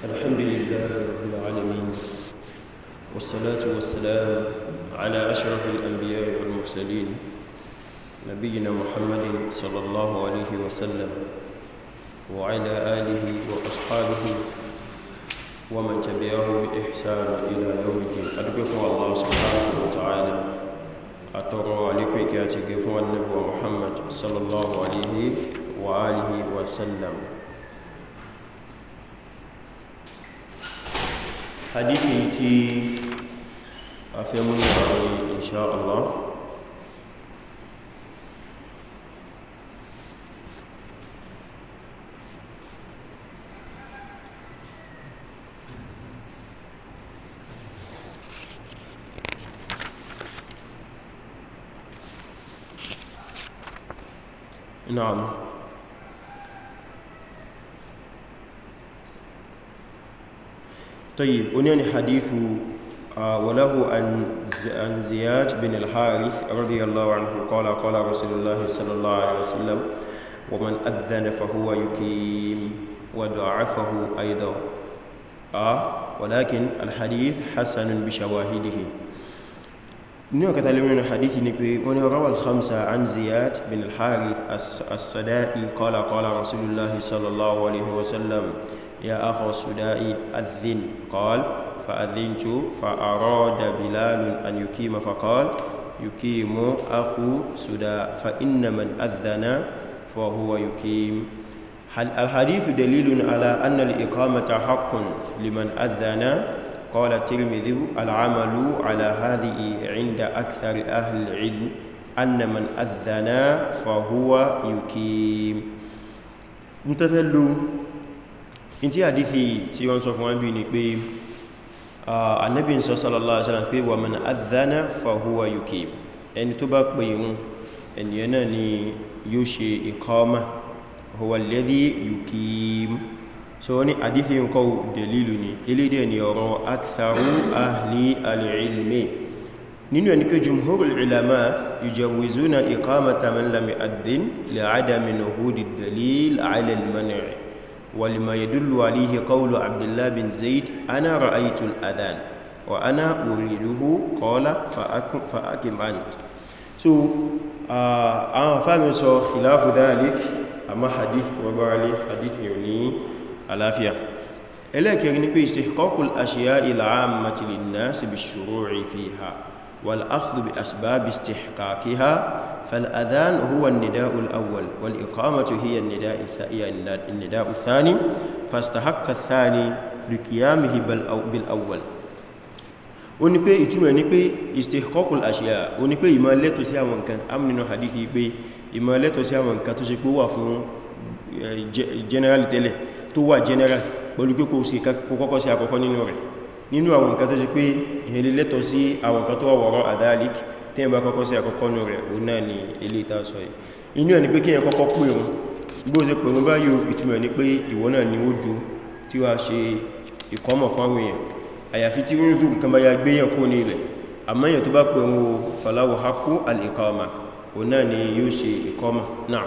الحمد لله رب العالمين والصلاة والسلام على أشرف الأنبياء والمرسلين نبينا محمد صلى الله عليه وسلم وعلى آله وأصحابه ومن تبعه بإحسان إلى يوم الدين أدبه الله سبحانه وتعالى أترى عليك كاتقف النبي محمد صلى الله عليه وآله وسلم hadithi tí a fẹ́ mú ní àwọn insha Allah نعم طيب أنني حديث آه، وله عن زياد بن الحارث رضي الله عنه قال قال رسول الله صلى الله عليه وسلم ومن أذن فهو يقيم وضعفه أيضا آه ولكن الحديث حسن بشواهده نيو كتالمين الحديث نكوي روى الخمسة عن زياد بن الحارث الصدائي قال قال رسول الله صلى الله عليه وسلم يا أخو السدائي أذن قال فأذنت فأراد بلال أن يقيم فقال يقيم أخو سداء فإن من أذن فهو يقيم الحديث دليل على أن الإقامة حق لمن أذن قال الترمذي العمل على هذه عند أكثر أهل العلم أن من أذن فهو يقيم متفلو in tí hadithi tí wọ́n sọ fún wọn bí ni pé annabi sọ sallallahu alaihi wasallam pé wa man adhana fa huwa yukim ẹni tó bá pè ìrun ẹni yẹn náà ni yóò ṣe iqama huwa alladhi yukim so wani hadithi yin kawo dalilu ni ilide ni ọ̀rọ̀ aktharu ahli al-ilmi nínú jumhurul ulama yujawizuna iqamata man lam yu'adhdhin li'adami nuhudi dalil ala al-mani' ولما يدل عليه قول عبد الله بن زيد أنا رأيت الأذان وأنا أريده قال فأكم, فأكم أنت سو أما فهم سو خلاف ذلك أما حديث وبعلي حديث يوني الافيا إلا كيرنكو يعني استحقاق الأشياء العامة للناس بالشروع فيها والأخذ بأسباب استحقاقها فالأذان هو النداء الأول والإقامة هي النداء النداء الثاني فاستحق الثاني لقيامه بالأول ó ní pé ìtumọ̀ ní pé istihqaqul ashya ó ní pé ìmọ̀ lẹ́tọ̀ sí àwọn nǹkan am nínú hadithi pé ìmọ̀ lẹ́tọ̀ sí àwọn nǹkan tó ṣe pé wà fún general tẹ́lẹ̀ tó wà general pẹ̀lú pé kò sí kọ́kọ́ sí àkọ́kọ́ nínú rẹ̀ nínú àwọn nǹkan tó ṣe pé èyàn lè lẹ́tọ̀ sí àwọn nǹkan tó wà wọ̀rọ̀ àdáàlìk tí ìbá kọ́kọ́ sí àkọ́kọ́ nù rẹ̀ òun náà ni ilé ìta sọ yìí inú ẹ̀ ni pé kí èyàn kọ́kọ́ pè wọn bó ṣe pè wọn bá yóò ìtumọ̀ ni pé ìwọ náà ni ó du tí wàá ṣe ìkọ́mọ̀ fún àwọn èèyàn àyàfi tí wọ́n dùn kan bá ya gbé yàn kó ní ilẹ̀ àmọ́ èèyàn tó bá pè wọn fàláwọ̀ hakú al-iqama náà ni yóò ṣe ìkọ́mọ̀ náà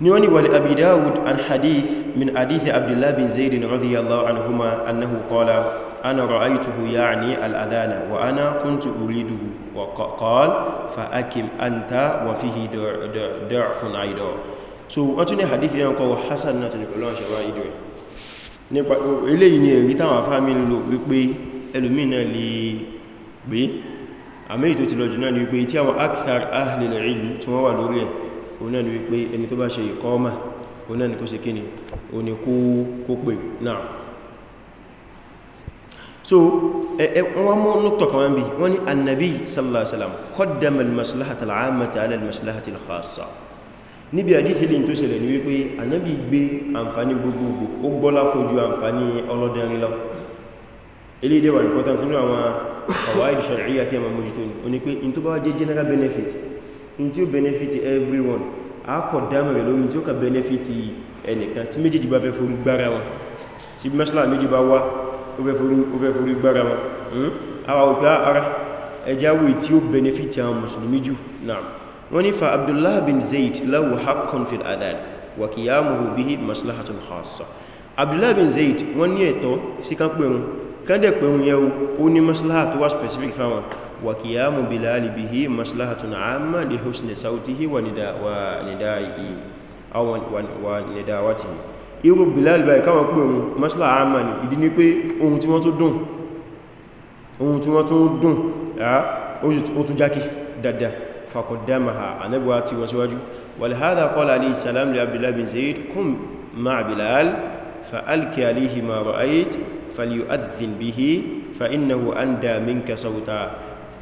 نيوني ولأبي داود عن حديث من حديث عبد الله بن زيد رضي الله عنهما أنه قال أنا رأيته يعني الأذان وأنا كنت أريده وقال فأكم أنت وفيه ضعف أيضا so wọ́n tún ní hadithi yẹn kọwọ́ hassan náà tún ọlọ́run ṣe wá ìdí rẹ̀ nípa eléyìí ni ẹ̀rí táwọn afáàmì ń lò wípé ẹlòmíì náà lè gbé àmì ètò ti lọ́jù náà ni wípé tí àwọn akthar ahli al-ilm tí wọ́n wà lórí ẹ̀ ni wípé ẹni tó bá ṣe ìkọ́ọ́mà òun náà ni kó ṣe kíni òun ni kó pè náà so eh, eh, wọ́n mú nukta kan bí wọ́n ní annabi sallallahu alaihi wasallam qaddama al-maslahata al-ammata ala al-maslahati al-khassa níbi àdíṣẹ́ lè tó ṣẹlẹ̀ ní wípé annabi gbé àǹfàní gbogbogbò ó gbọ́lá fún ju àǹfàní ọlọ́dẹ̀rin lọ ilé ìdẹ́wà important nínú àwọn qawaid shar'iyya general benefit in benefit everyone a kọ̀ dámà rẹ̀ lórí tí ó ka benefit ẹnìkan tí méjèèjì bá fẹ́ forí ó fẹ́ forí gbára wọn hmm? ara ọ̀gá ara ẹjáwò tí ó benefit àwọn musulmi jù náà wọ́n ní fa abdullah bin zayd lahu haqqun fil adhan wa qiyamuhu bihi maslahatun khassa abdullah bin zayd wọ́n ní ẹ̀tọ́ sí kan pẹ̀rún kádẹ̀ pẹ̀rún yẹ́wó ó ní maslaha tó wá specific fáwọn wa qiyamu bilali bihi maslahatun amma li husni sautihi wa nidawatihi irú Bilal báyìí káwọn pé òun masla àmà ní ìdí ní pé ohun tí wọ́n tó dùn ohun tí wọ́n tó dùn ó tún jákì dada fakọ̀dáma ha anẹ́gbà tí wọ́n síwájú walhada qala alayhi salam li Abdullah bin Zayd kum ma Bilal fa alki alayhi ma ra'ayt falyu'adhdhin bihi fa innahu anda minka sawta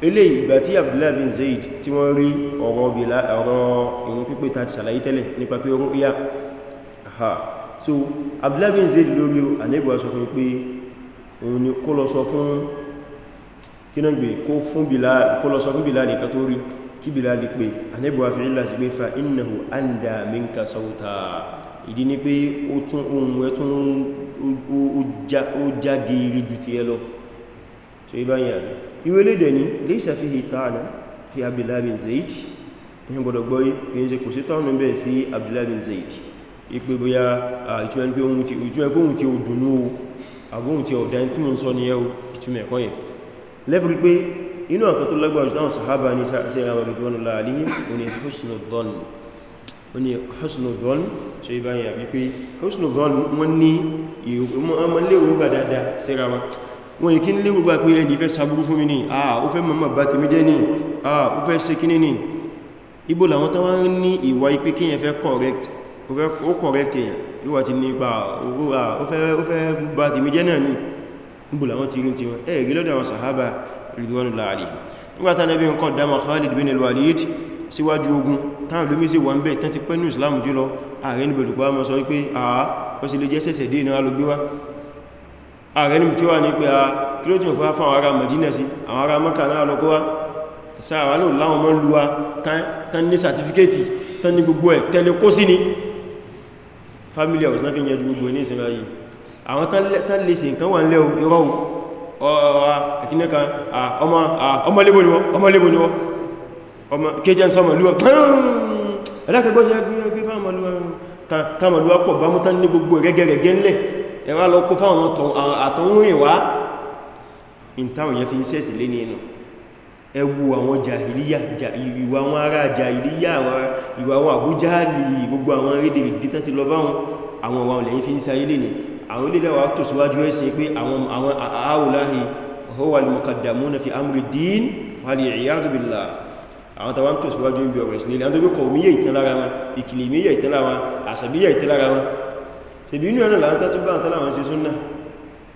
ilé ìgbà tí Abdullah bin Zayd tí wọ́n rí ọ̀rọ̀ ìrún pípẹ́ tàbí sàlàyé tẹ́lẹ̀ nípa pé orúkúyà ha so Abdullah bin Zaid lórí o ànábì wá sọ fún pé òun ni kó lọ sọ fún kíná gbé kó fún Bilal kó lọ sọ fún Bilal nìkan tó kí Bilal lè pé ànábì fi rílà sí pé fa innahu anda minka sauta, ìdí ni pé ó tún ohun ẹ tún ó já geere ju ti ẹ lọ so ibáyìí àbí ìwé lédè ní laysa fihi ta'ana fi Abdullah bin Zaid ìyẹn gbọdọ̀ gbọ́yí kìí ṣe kò sí tọ́nà bẹ́ẹ̀ sí Abdullah bin Zaid ipé bóyá ìtumẹ̀ pé ohun tí ó dùnú o agbóhun tí ó dá tí mo ń sọ ní ẹ́ o ìtumẹ̀ ẹ̀kọ́ yẹn lẹ́fìrí pé inú àkọ́ tó lágbàájú táwọn sàhábà ní sí ara wọn lójú ọ̀nà alayhim oní husnudhon ṣe ibáyà wípé husnudhon wọ́n ní ìwọ̀n léwu gbà dáadáa síra wọn wọ́n yìí kí ní léwu gbà pé ẹni fẹ́ sàbúrú fún mi ní àà ó fẹ́ mọ́mọ́ bá tèmi jẹ́ ní àà ó fẹ́ ṣe kíní ní ibò làwọn táwọn ní ìwà ipé kíyàn fẹ́ correct ó correct èyàn yíwa ti nípa òwúra ó fẹ́ bá ti méjẹ́ náà ní gbùlà wọ́n ti rí ti wọ́n ẹ̀rí lọ́dọ̀ àwọn sàhábà ridwanullahi alayhim nígbàtà Nábì ń qaddama Khalid bin al-Walid síwájú ogun táwọn lómi sí wọ́n bẹ̀ tán ti pẹ́ ní Islam jùlọ ààrẹ ní bẹ̀rùkọ́ àmọ́ sọ pé àá ó sì lè jẹ́ sẹ̀sẹ̀ dé náà lọ́gbé wá ààrẹ ní tí wà ní pé àá kí ló jùn fún àwọn ará Madina sí àwọn ará Mọ́kà náà lọ́kọ́ wá sáà wà náà láwọn mọ́ lùwá tán ní sàtífíkẹ́tì tán ní gbogbo ẹ̀ tẹ́lẹ̀ kó sí ni family house náà fi yẹn ju gbogbo ní ìsinra yìí àwọn tán lè ṣe nǹkan wà ń lẹ́o irọ́ ọ̀rọ̀ àkínẹ́ka ọmọlébò ni wọ́n ọmọlébò ni wọ́n ọmọ kéjẹ́ sọmọ lúwà alákẹgbọ́sẹ̀ gbé fáwọn lúwà pọ̀ bá mútán ní gbogbo rẹ́gẹ̀rẹ̀gẹ́ ńlẹ̀ ẹ̀rọ lọ kó fáwọn àtọ̀húnrìn wá in táwọn yẹn fi ń sẹ́sì lé ní inú ẹwu àwọn jahiliya ìwà àwọn ará jahiliya ìwà àwọn àbújáàlì gbogbo àwọn rédè gítà ti lọ báwọn àwọn àwọn lẹ́yìn fi ń sa ilé ni àwọn ilé lẹ́wàá tó síwájú ẹ̀sìn pé àwọn àáwòláhì huwa al-muqaddamuna fi amri din wal-i'yadu billah àwọn tàwọn tó síwájú ibi ọ̀rọ̀ ìsìn ilé àtọ́gbé kọ̀ọ̀míyà ìtẹ́lára wọn ìkìlìmíyà ìtẹ́lára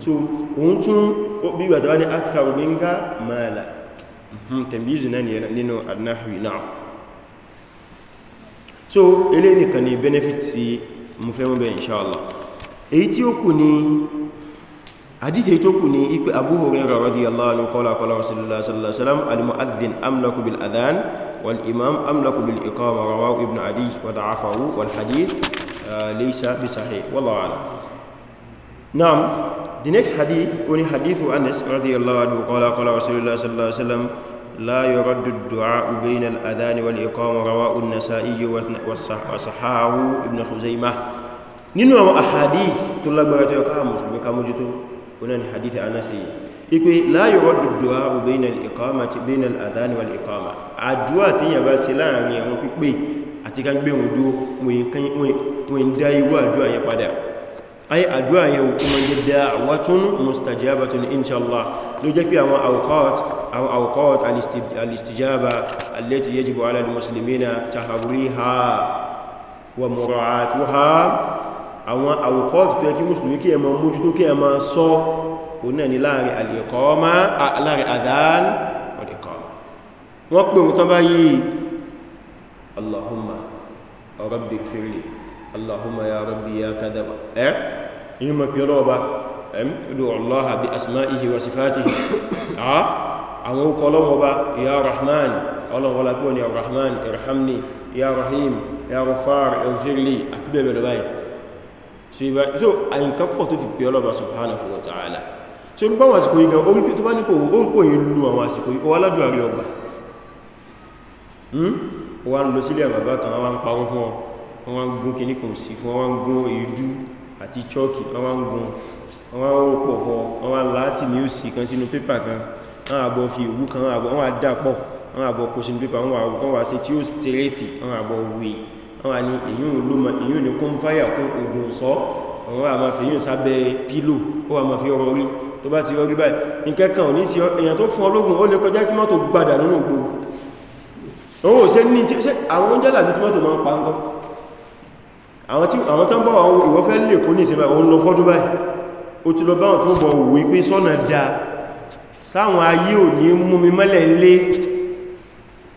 so òun tún bí wàtàwà ní akthar minka mala mhm, tẹ̀m̀bízi náà nínú adnáhùí náà so ilé nìkan ni benefit sí mú fẹ́ mọ́bẹ̀ inṣáàlá èyí tí ó kù ní àdífẹ́ tó kù ní ipé Abu Hurairah radiyallahu anhu qala qala rasulullah sallallahu alaihi wasallam al-mu'adhdhin amlaku bil adhan wal imam amlaku bil iqama rawahu ibn adi wa da'afahu wal hadith ah, laysa bi sahih wallahu a'lam na'am the next hadith oni hadith wa Anas radiyallahu anhu qala qala rasulullah sallallahu alaihi wasallam la yuraddu ad-du'a bayna al-adhan wal iqama rawahu an-nasa'i wa sahahu ibn khuzaimah nínú àwọn ahadith tó lágbára tó ka muslim ka mojito ona ni hadith Anas ipe la yuraddu ad-du'a bayna al-iqamati bayna al-adhan wal iqama àdúà tí yan bá ṣe láàrin àwọn kan gbe wọn dúró wọn kan wọn dá ìwà àdúà yẹn padà ay àdúwà yẹn ò kuma jẹ́ da'watun mustajabatun inshallah ló jẹ́ pé àwọn awqat alistijaba allati yajibu ala al-muslimina taharriha wa mura'atuha àwọn awqat tó yẹ kí musulmi kí ẹmọ mójú tó kí ẹmọ sọ o náà ni láàrin al-iqama láàrin adhan allahumma ya rabbi ya kadaba eh yíò mọ̀ pí ọlọ́ọ̀bá ẹ̀mdù allaha bí asma'ihi wa sifatihi àwọn okọ̀ ọlọ́wọ́ba ya rahman ọlọ́wọ́lá pọ̀ ni rahman irhamni ya rahim ya rufar ẹ̀fẹ́rìlì àti bẹ̀rẹ̀ lọ báyìí so ayin kapọ̀ tó fi pí ọlọ́ba subhanahu wa ta'ala so n pàwọn àsìkò igan orúkú tó bá ní kò orúkú yìí lù àwọn àsìkò ikọ̀ aládùn àrí ọgbà hmm? wọ́n lọ sílẹ̀ àbàbá kan wọ́n ń parọ́ fún wọn wọ́n ń gún kìníkùn sí fún wọn gún èédú àti chọ́kì àwọn gun àwọn òpò fún àwọn láti mìíòsì kan sínú pépà kan àwọn àbọ̀ fi ìwú kan àwọn àdápọ̀ àwọn àbọ̀ kò sínú pépà àwọn wà sí tí ó stírètì àwọn àbọ̀ wùí àwọn ni èyún olóma èyún ni kún fáyà kún ogun sọ àwọn àmà fi yíò sábẹ́ pílò ó wà máa fi ọrọ̀ orí tó bá ti rọrí báyìí nkẹ́kàn ò ní sí èyàn tó fún ọlógún ó lè kọjá kí mọ́tò gbádà nínú gbogbo àwọn òṣèlú ní tí àwọn oúnjẹ́ làbí tí mọ́tò máa ń pa ń kọ́ àwọn tán bọ́ àwọn ìwọ fẹ́ lè kó ní ìsinmi àwọn lọ fọ́dún báyìí o ti lọ bá wọn tó bọ̀ wò wípé sọ́nà dá sáwọn ayé ò ní mú mi mọ́lẹ̀ lé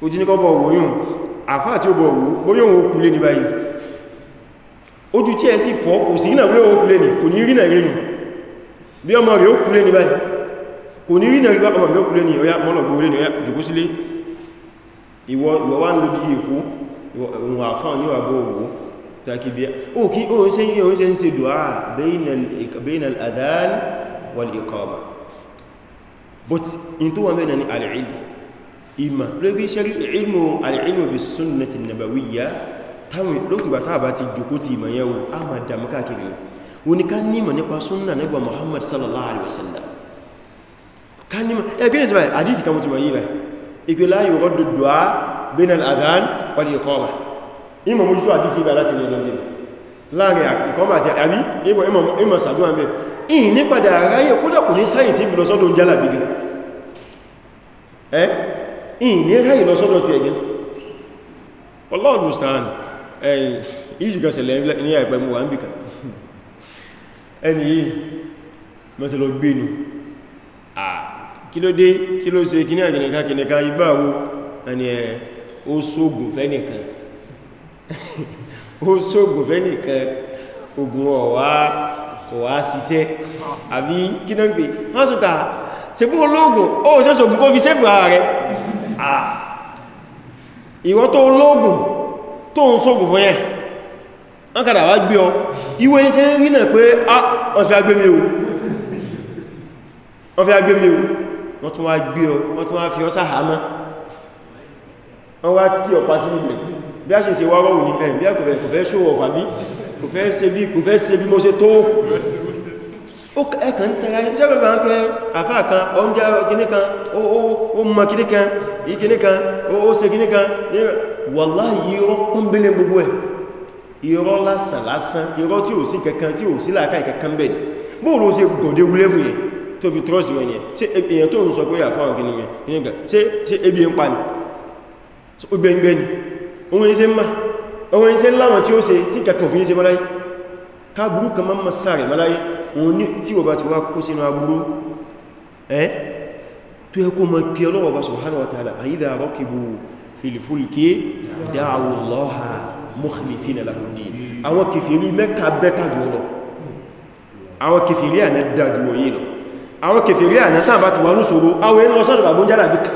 o ti ní kọ́ bọ̀ wò yùn àfáà tí ó bọ̀ wò bóyá òun kú lé ní báyìí ojú tí ẹ sì fọ́ kò sí ìnàwé òun kú lé ní kò ní rí nàrí nù bí ọmọ rẹ̀ ó kú lé ní báyìí kò ní rí nàrí bá ọmọ rẹ̀ ó kú lé ní ọya mọ́lọ̀gbọ̀ lé ní ọya jùkú sílé ìwọ wà ń lo díje èkó ìwọ̀n àfáà ní ọ̀gbọ̀ òwò takibiya o kí o ṣe yí o ṣe ń ṣe du'a bayna al wal-iqama but in tó wọ́n mẹ́rin ni al-ilm ìmà lórí ṣẹ́rí ilmu al-ilmu bi sunnati nabawiyya táwọn lókùnbà tàbá ti jùkú ti ìmọ̀ yẹ́wò a ma dàmú káàkiri wani ká nímọ̀ nípa sunna nígbà muhammad sallallahu alaihi wasallam ká nímọ̀ ẹgbẹ́ ní ti báyìí àdíti kan mutum yí báyìí ìpìlá yóò rọ́dù du'a bayna al wal-iqama ìmọ̀ mojú tó àdífí ibà láti ní lọ́dí láàrin àkọ́mà àti àrí ìmọ̀ sàdúwà mẹ́ ìyìn ní padà ráyẹ kódà kò ní sáyìn tí ìfìlọsọ́dọ̀ ń jálà bìbì ìyìn ní ráyẹ lọ́sọ́dọ̀ ti ẹgbẹ́ ọlọ́ọ̀dùstan ìjùgẹsẹ̀lẹ̀ ní àìpẹ́ mú wà ń bìkà ẹni yìí mọ́sí lọ gbé nù kí ló dé kí ló ṣe kí ní àgìnìká kìnìká ibáwo ẹni ẹ̀ ó sóògùn fẹ́nìkan ó sóògùn fẹ́nìkan ogun ọ̀wá kò wá ṣiṣẹ́ àbí kí náà ń pè wọ́n sọ ká ṣe fún olóògùn ó ṣe sóògùn kó fi sẹ́fù ara rẹ̀ ìwọ́n tó olóògùn tó ń sóògùn fún yẹn wọ́n kàdà wá gbé ọ ìwé iṣẹ́ rí náà pé wọ́n fi agbé mi o wọ́n fi agbé mi o wọ́n tún wá gbé ọ wọ́n tún wá fi ọ sáhàmọ́ wọ́n wá tí ọ̀pá sí ibẹ̀ bí a ṣe ṣe wọ́rọ̀ òní ẹ̀ eh, bí àkùnrin kò fẹ́ ṣòwò fàbí kò fẹ́ ṣe bí kò fẹ́ ṣe bí mo ṣe tó ó ẹ̀kàn ń tẹ́ra iṣẹ́ bẹ̀rẹ̀ wọn pé àfá kan ó ń jẹ́ kíní kan ó mọ kíní kan yí kíní kan ó ṣe kíní kan wàláhì irọ́ pọ́nbélé gbogbo ẹ̀ irọ́ lásán lásán irọ́ tí ò sí kankan tí ò sí làákàí kankan bẹ́ẹ̀ bóòlù ó ṣe gọ̀dẹ̀ wúlẹ́fù yẹn tó fi trọ́sì wọn yẹn ṣe èèyàn tó ń sọ pé àfáwọn kíní yẹn ṣe ebi ń pa ni ó gbẹ́ngbẹ́ ni ohun iṣẹ́ mọ́ ohun iṣẹ́ láwọn tí ó ṣe tí kẹkàn òfin ṣe mọ́láyé ká burú kan mọ́ mọ́ sáàrẹ̀ mọ́láyé òun ní tí wọ́n bá ti wá kó sínú agbúrú ẹ́ tó yẹ kó mọ́ pí ọlọ́wọ́ bá subhanahu wa ta'ala fa'idha rakibu fil fulki da'u Allaha mukhlisina lahu ddin àwọn kèfèrí mẹ́ka bẹ́ta jù lọ àwọn kèfèrí àná dájú wọ̀nyí lọ àwọn kèfèrí àná tàbá ti wà ní ṣòro àwọn ẹni lọ sọ́dọ̀ bàbúnjára bí kan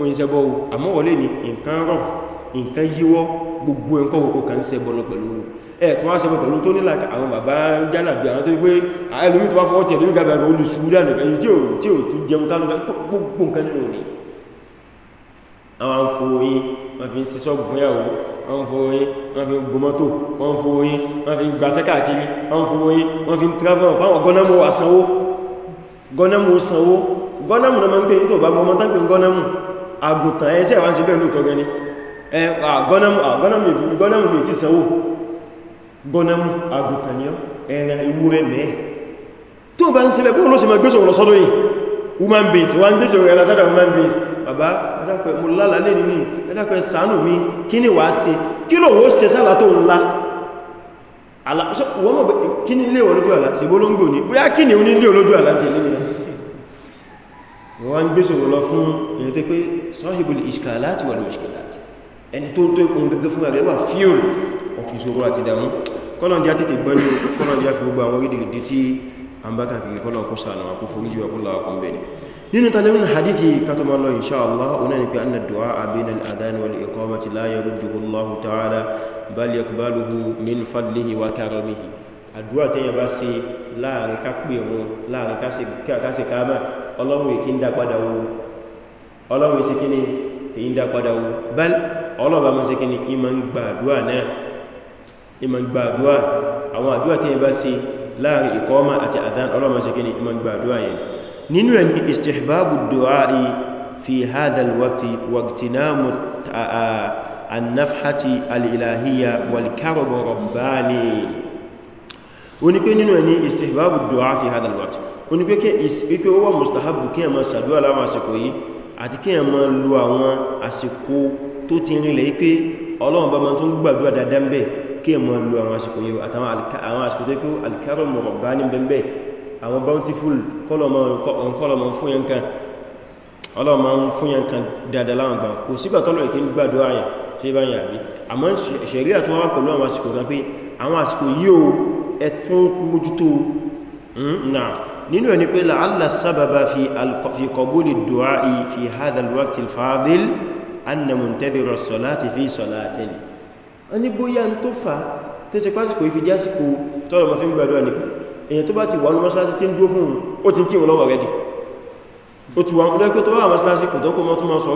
oyin ṣẹbọ o àmọ́ wọlé ní nǹkan rọ̀ nǹkan yíwọ́ gbogbo ẹ̀kọ́ òkú kan ṣẹbọ lọ pẹ̀lú ẹ̀ tó wá ṣẹbọ pẹ̀lú tó nílà àwọn bàbá jálàbí àwọn tó gbé ẹlòmí tó wá fọwọ́ tiẹ̀ lórí gàbà rẹ̀ olùsúdà nìkan tí ò tí ò tún jẹun kánú gbogbo nǹkan nínú ni àwọn afọwọ́yìn wọ́n fi ń ṣe sọ́ọ̀bù fún yàwó wọ́n fọwọ́yìn wọ́n fi ń gbọ́ mọ́tò wọ́n fọwọ́yìn wọ́n fi ń gbafẹ́ káàkiri wọ́n fọwọ́yìn wọ́n fi ń travel báwọn gọ́nàmù sanwó gọ́nàmù sanwó gọ́nàmù náà máa ń pè ní tó bá mọ́ mọ́tán pè ń gọ́nàmù àgùntàn ẹsẹ̀ wá sí bẹ́ẹ̀ lóòtọ́ gan ni gọ́nàmù mi ti sanwó gọ́nàmù àgùntàn ni ẹran iwú rẹ̀ mẹ́ tó bá ń ṣe bẹ́ẹ̀ bóò ló ṣe ma gbésòrò lọ́sọ́dọ̀ yìí human beings wọ́n ń gbésòrò ẹlásádà human beings bàbá ẹ̀dàkọ̀ mo lálà lè nìní ẹ̀dàkọ̀ ṣàánú mi kí ni wàá ṣe kí lò wọ́n ṣe sálà tó ńlá kí ni lé olójú àlá ṣe bó ló bóyá kí ni ó ní àlá ti lé wọ́n ń gbéṣòro lọ fún èyí tó pé sahibul ishkalati wal mushkilati ẹni tó tó ikun gẹ́gẹ́ fún ààrẹ wà fíòl ọ̀fìsòro àti ìdàmú kọ́lọ̀njá tètè gbọ́n ní kọ́lọ̀njá fi gbogbo àwọn orílẹ̀-èdè tí a ń bá kàkiri kọ́lọ̀kọ́ sàánà àkó forí jù àkó làákùn bẹ̀rẹ̀ nínú tàlẹ́mùn hadithi katọmọ lọ insha Allah ọ̀nà ni pé anna du'a abin al-adhan wal iqamati la yarudduhu Allah ta'ala bal wọn láàrin ká káàmà ọlọ́run èkí ń dá padà ọlọ́run èsì kíní kì í ń dá padà wo bal ọlọ́run àmọ́ sí kíní ìmọ̀ ń gba àdúrà náà ìmọ̀ ń gba àdúrà àwọn àdúrà tí yẹn bá ṣe láàrin ìkọ́ọ́mà àti àdán ọlọ́run sí kíní ìmọ̀ ń gba àdúrà yẹn nínú ẹ̀ oní pé pé ó wà mustahabu kí ẹmọ sàdúwà láwọn àsìkò yìí àti kí ẹmọ lo àwọn àsìkò tó ti rinlẹ̀ pé ọlọ́run bá ma tún gbàdúwà dáadáa ń bẹ kí ẹmọ lo àwọn àsìkò yìí àtàwọn àsìkò tó pé alkarom rọ̀bá ní bẹ́ẹ̀ àwọn bountiful kọlọmọ fún yẹn kan ọlọ́run ma ń fún yẹn kan dáadáa láwọn gbà nínú ẹni pé la'alla sábàbà fi qabuli du'a'i fi hadha al-waqti al-fadil anna muntadhira as-salati fi salatin a ní bóyá n tó fa tó ṣe pásìkò ìfi jásìkò tọ́lọ̀ ma fi ń gbàdúwà ní pé èyàn tó bá ti wà ní mọ́sálásí tí ń dúró fún ó ti ń kí ìwọ̀lọ́wọ̀ rẹ̀ dì ó ti wà ní tó wà mọ́sálásí kò tọ́kọ́ mọ́ tó máa sọ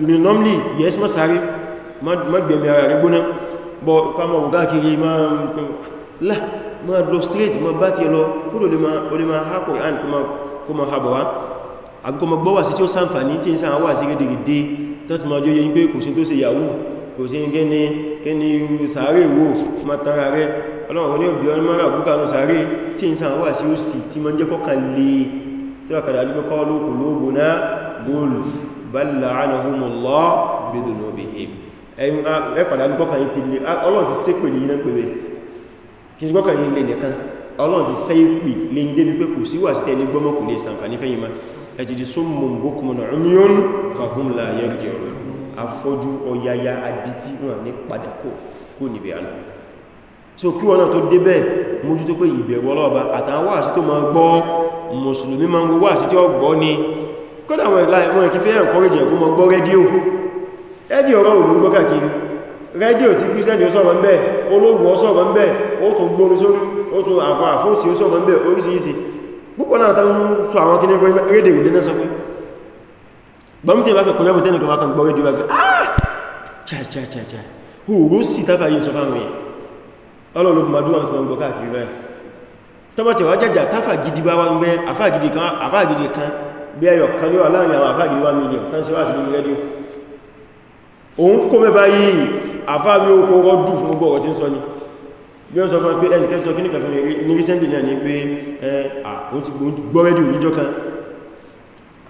you normally yes ma sáré ma gbẹ̀mẹ̀ ara rẹ̀ gbóná bọ̀ pàmọ̀ ọ̀gá kiri ma lá ma lọ straight ma bá ti lọ kúrò lè ma ha Qur'an kó ma ha bọ̀ wá àbí kó ma gbọ́wà sí tí ó sàǹfàní tí ń sàn wà sí gẹ́gẹ́gẹ́ tó ti ma jọ yẹn pé kò sí tó ṣe yahoo kò sí gẹ́ni kẹ́ni sáré wo ma tara rẹ̀ ọlọ́run ní òbí ọdún mara búkanu sáré golf bal la'anahumullah bidunubihim ẹ̀yìn ẹ̀pàdà gbọ́kàn yìí ti lè ọlọ́run ti sépè lè yínà pèwé kí gbọ́kàn yìí lè nìkan ọlọ́run ti sépè lè yín débi pé kò sí wà sí tẹ́lẹ̀ gbọ́mọ̀ so kí wọn náà tó débẹ̀ mójútó pé ìbẹ̀wọ̀ ọlọ́ọ̀bá àtàwọn wáàsí tó máa kódà wọn ìlà ìwọ̀n kí fẹ́ ẹ̀kọ́rẹ́jì ẹ̀kú mọ gbọ́ rédíò rédíò ọ̀rọ̀ òun gbọ́ kàkiri rédíò tí kírísẹ́nì ó sọ̀rọ̀ ń bẹ ológun ó sọ̀rọ̀ ń bẹ ó tún gbónú sórí ó tún àfọ́ àfóòsì ó sọ̀rọ̀ ń bẹ oríṣiríṣi púpọ̀ náà tán sọ àwọn kí ní fún rédè ìdí náà sọ fún gbọ́mítẹ̀ bá kẹ̀kọ́ yọ́mù tẹ́nìkan bá kan gbọ́ rédíò bá fi ah cha cha cha cha hùrú sí táfà yìí sọ fáwọn èèyàn ọlọ́run madúwà tí wọ́n gbọ́ káàkiri báyìí tọ́bọ̀tẹ̀ wá jẹ́jà táfà gidi bá wá ń gbẹ́ àfà gidi kan bí ẹyọ kan ní ọláàrin àwọn àfáàgì 1 million kan ṣe wá sí lórí rédíò òun kó mẹ́bá yìí àfáàgì okó rọ́dù fún gbogbo ọ̀rọ̀ tí ń sọ ní bí wọ́n sọ fún pé ẹnì kẹsọ kíníkà fún ní recently náà ní pé àwọn ti gbọ́ rédíò yíjọ́ kan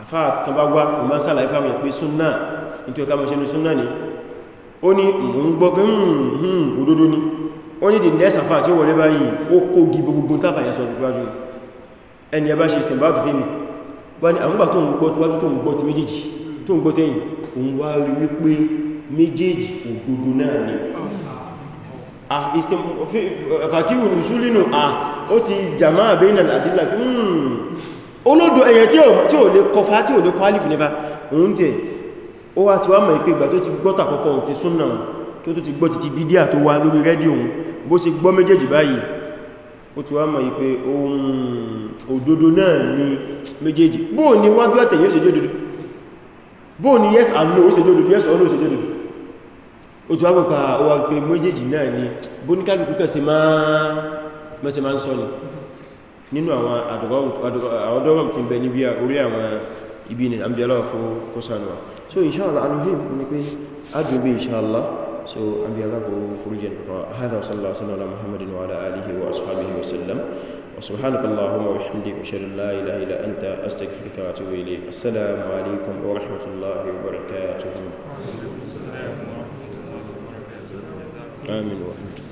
àfáà kan bá gbá òun bá sàlàyé fáwọn ẹ̀ pé súnnà nítorí hmm, hmm, ẹni ẹ ṣe ìsìnbá tó fi mi wọ́n ni àwọn tó ń gbọ́ tíwájú tó ń gbọ́ ti méjèèjì tó ń gbọ́ tẹ́yìn òun wá rí wípé méjèèjì òdodo náà ni fàkíwù ìṣúlínú à ó ti jàmá àbẹ́yìn àdílà hmm. olódo ẹ̀yẹ tí ò lè kọfà tí ò lè kọ́ alif nífà òun tẹ̀ ó wá ti wá mọ̀ ìpé ìgbà tó ti gbọ́ tàkọ́kọ́ ti súnnà tó tó ti bídíà tó wá lórí rédíò bó ṣe gbọ́ méjèèjì báyìí ó ti wá mọ̀ yí pé ohun òdodo náà ni méjèèjì bóò ni wájú àtẹ̀yìn ó ṣe jódodo bóò ni yes and no ó ṣe jódodo yes or no ó ṣe jódodo ó ti wá pẹ̀pà ó wá pé méjèèjì náà ni bóníkàlùkù kẹ̀ sí máa ṣe máa ń sọ ni nínú àwọn àdọ́gbọ̀m tí ń bẹ níbi orí àwọn ibi ni àmì ọlọ́wọ́ kó sànúwà inshallah aluhim ní pé adùn bí inshallah so ambiya ga ko furjen ko hada sallallahu alaihi wasallam ala muhammadin wa ala alihi wa ashabihi wa sallam wa subhanaka allahumma wa bihamdika ashhadu an la ilaha illa anta astaghfiruka wa atubu ilayk assalamu alaikum wa rahmatullahi wa barakatuh amin wa rahmatullahi